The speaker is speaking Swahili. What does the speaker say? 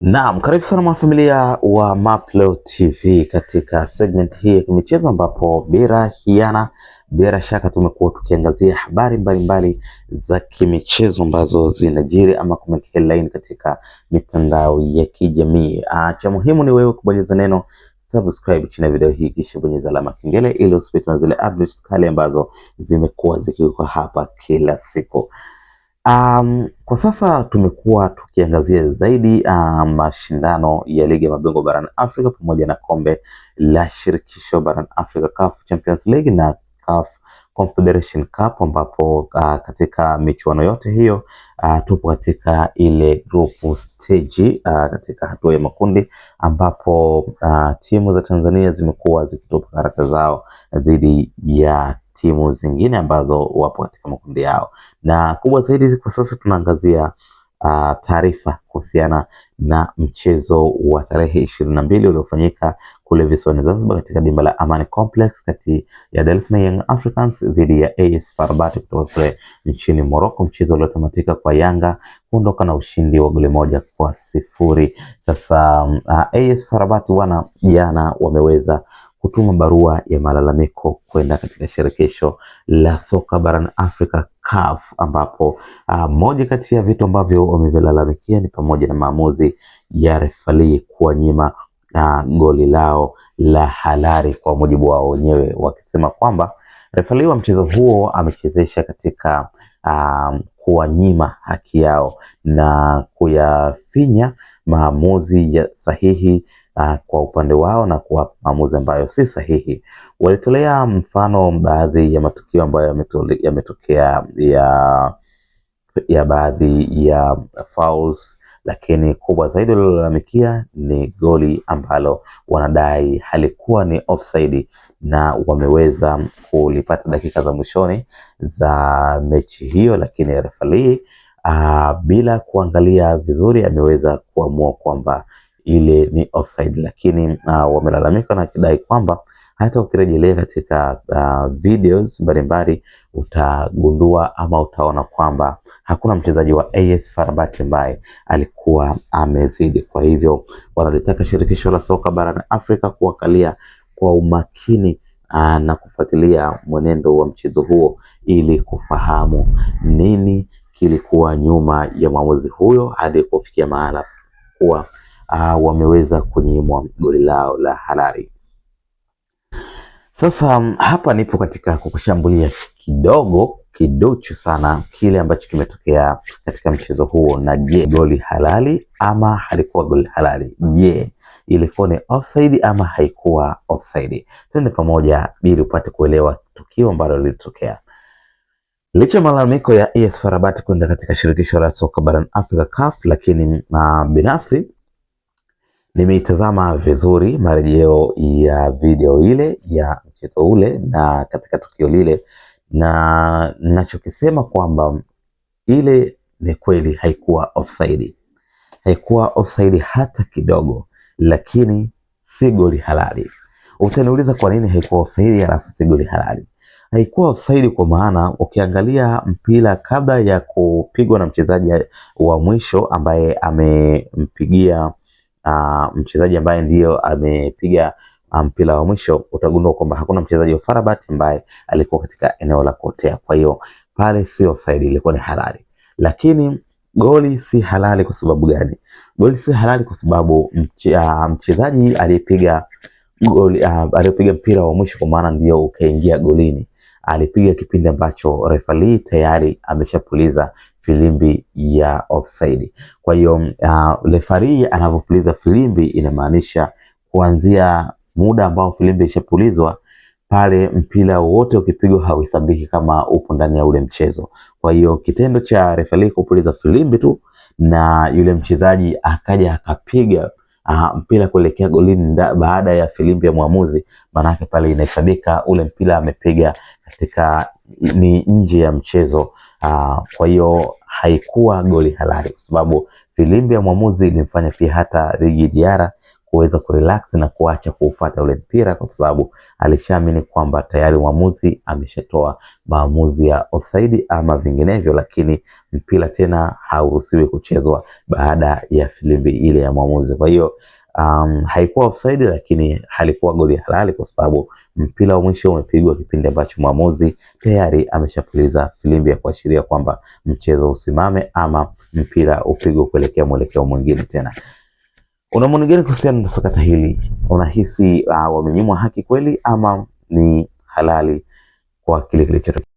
Naam, karibu sana mwanafamilia wa Mapro TV katika segment hii ya kimichezo, ambapo bila hiana, bila shaka tumekuwa tukiangazia habari mbalimbali za kimichezo ambazo zinajiri ama kumeka headline katika mitandao ya kijamii. Ah, cha muhimu ni wewe kubonyeza neno subscribe chini ya video hii, kisha bonyeza alama kengele ili usipitwe na zile updates kali ambazo zimekuwa zikiwekwa hapa kila siku. Um, kwa sasa tumekuwa tukiangazia zaidi uh, mashindano ya ligi ya mabingwa barani Afrika pamoja na kombe la shirikisho barani Afrika CAF Champions League na CAF Confederation Cup ambapo uh, katika michuano yote hiyo uh, tupo katika ile group stage uh, katika hatua ya makundi ambapo uh, timu za Tanzania zimekuwa zikitupa karata zao dhidi ya timu zingine ambazo wapo katika makundi yao, na kubwa zaidi kwa sasa tunaangazia uh, taarifa kuhusiana na mchezo wa tarehe ishirini na mbili uliofanyika kule visiwani Zanzibar katika dimba la Amani Complex kati ya Dar Young Africans dhidi ya AS FAR Rabat kutoka kule nchini Morocco, mchezo uliotamatika kwa Yanga kuondoka na ushindi wa goli moja kwa sifuri. Sasa uh, AS FAR Rabat wana jana wameweza kutuma barua ya malalamiko kwenda katika shirikisho la soka barani Afrika CAF, ambapo uh, moja kati ya vitu ambavyo wamevilalamikia ni pamoja na maamuzi ya refali kuwanyima na goli lao la halali, kwa mujibu wao wenyewe wakisema kwamba refali wa mchezo huo amechezesha katika um, ah, kuwanyima haki yao na kuyafinya maamuzi ya sahihi uh, kwa upande wao na kuwapa maamuzi ambayo si sahihi. Walitolea mfano baadhi ya matukio ambayo yametokea ya, ya baadhi ya fouls, lakini kubwa zaidi walilalamikia ni goli ambalo wanadai halikuwa ni offside na wameweza kulipata dakika za mwishoni za mechi hiyo, lakini refali uh, bila kuangalia vizuri ameweza kuamua kwamba ile ni offside, lakini uh, wamelalamika na kidai kwamba hata ukirejelea katika uh, videos mbalimbali utagundua ama utaona kwamba hakuna mchezaji wa AS FAR Rabat ambaye alikuwa amezidi. Kwa hivyo wanalitaka shirikisho la soka barani Afrika kuangalia kwa umakini uh, na kufuatilia mwenendo wa mchezo huo ili kufahamu nini kilikuwa nyuma ya mwamuzi huyo hadi kufikia mahala kuwa uh, wameweza kunyimwa goli lao la halali. Sasa mm, hapa nipo katika kukushambulia kidogo kiduchu sana kile ambacho kimetokea katika mchezo huo. Na je, goli halali ama halikuwa goli halali? Je, ilikuwa ni offside ama haikuwa offside? Twende pamoja ili upate kuelewa tukio ambalo lilitokea. Licha malalamiko ya ES Farabati kwenda katika shirikisho la soka barani Afrika CAF, lakini na mm, ah, binafsi Nimeitazama vizuri marejeo ya video ile ya mchezo ule na katika tukio lile, na nachokisema kwamba ile ni kweli haikuwa offside, haikuwa offside hata kidogo, lakini si goli halali. Utaniuliza kwa nini haikuwa offside halafu si goli halali? Haikuwa offside kwa maana ukiangalia mpira kabla ya kupigwa na mchezaji wa mwisho ambaye amempigia uh, mchezaji ambaye ndiyo amepiga um, mpira wa mwisho, utagundua kwamba hakuna mchezaji wa Farabat ambaye alikuwa katika eneo la kuotea. Kwa hiyo pale si offside, ilikuwa ni halali. Lakini goli si halali kwa sababu gani? Goli si halali kwa sababu uh, mchezaji aliyepiga goli uh, aliyepiga mpira wa mwisho kwa maana ndio ukaingia golini alipiga kipindi ambacho refali tayari ameshapuliza filimbi ya offside. Kwa hiyo uh, ah, refari anapopuliza filimbi inamaanisha kuanzia muda ambao filimbi ishapulizwa pale mpira wote ukipigwa hauhesabiki kama upo ndani ya ule mchezo. Kwa hiyo kitendo cha refari kupuliza filimbi tu na yule mchezaji akaja akapiga uh, mpira kuelekea golini baada ya filimbi ya mwamuzi, maanake pale inahesabika ule mpira amepiga katika ni nje ya mchezo uh, kwa hiyo haikuwa goli halali kwa sababu filimbi ya mwamuzi ilimfanya pia hata Djigui Diarra kuweza kurelax na kuacha kuufata ule mpira, kwa sababu alishaamini kwamba tayari mwamuzi ameshatoa maamuzi ya offside ama vinginevyo, lakini mpira tena hauruhusiwi kuchezwa baada ya filimbi ile ya mwamuzi. Kwa hiyo um, haikuwa offside, lakini halikuwa goli halali kwa sababu mpira wa mwisho umepigwa kipindi ambacho mwamuzi tayari ameshapuliza filimbi ya kuashiria kwamba mchezo usimame ama mpira upigwe kuelekea mwelekeo mwingine tena. Una maoni gani kuhusiana na sakata hili? Unahisi uh, wamenyimwa haki kweli ama ni halali kwa kile kilichotokea?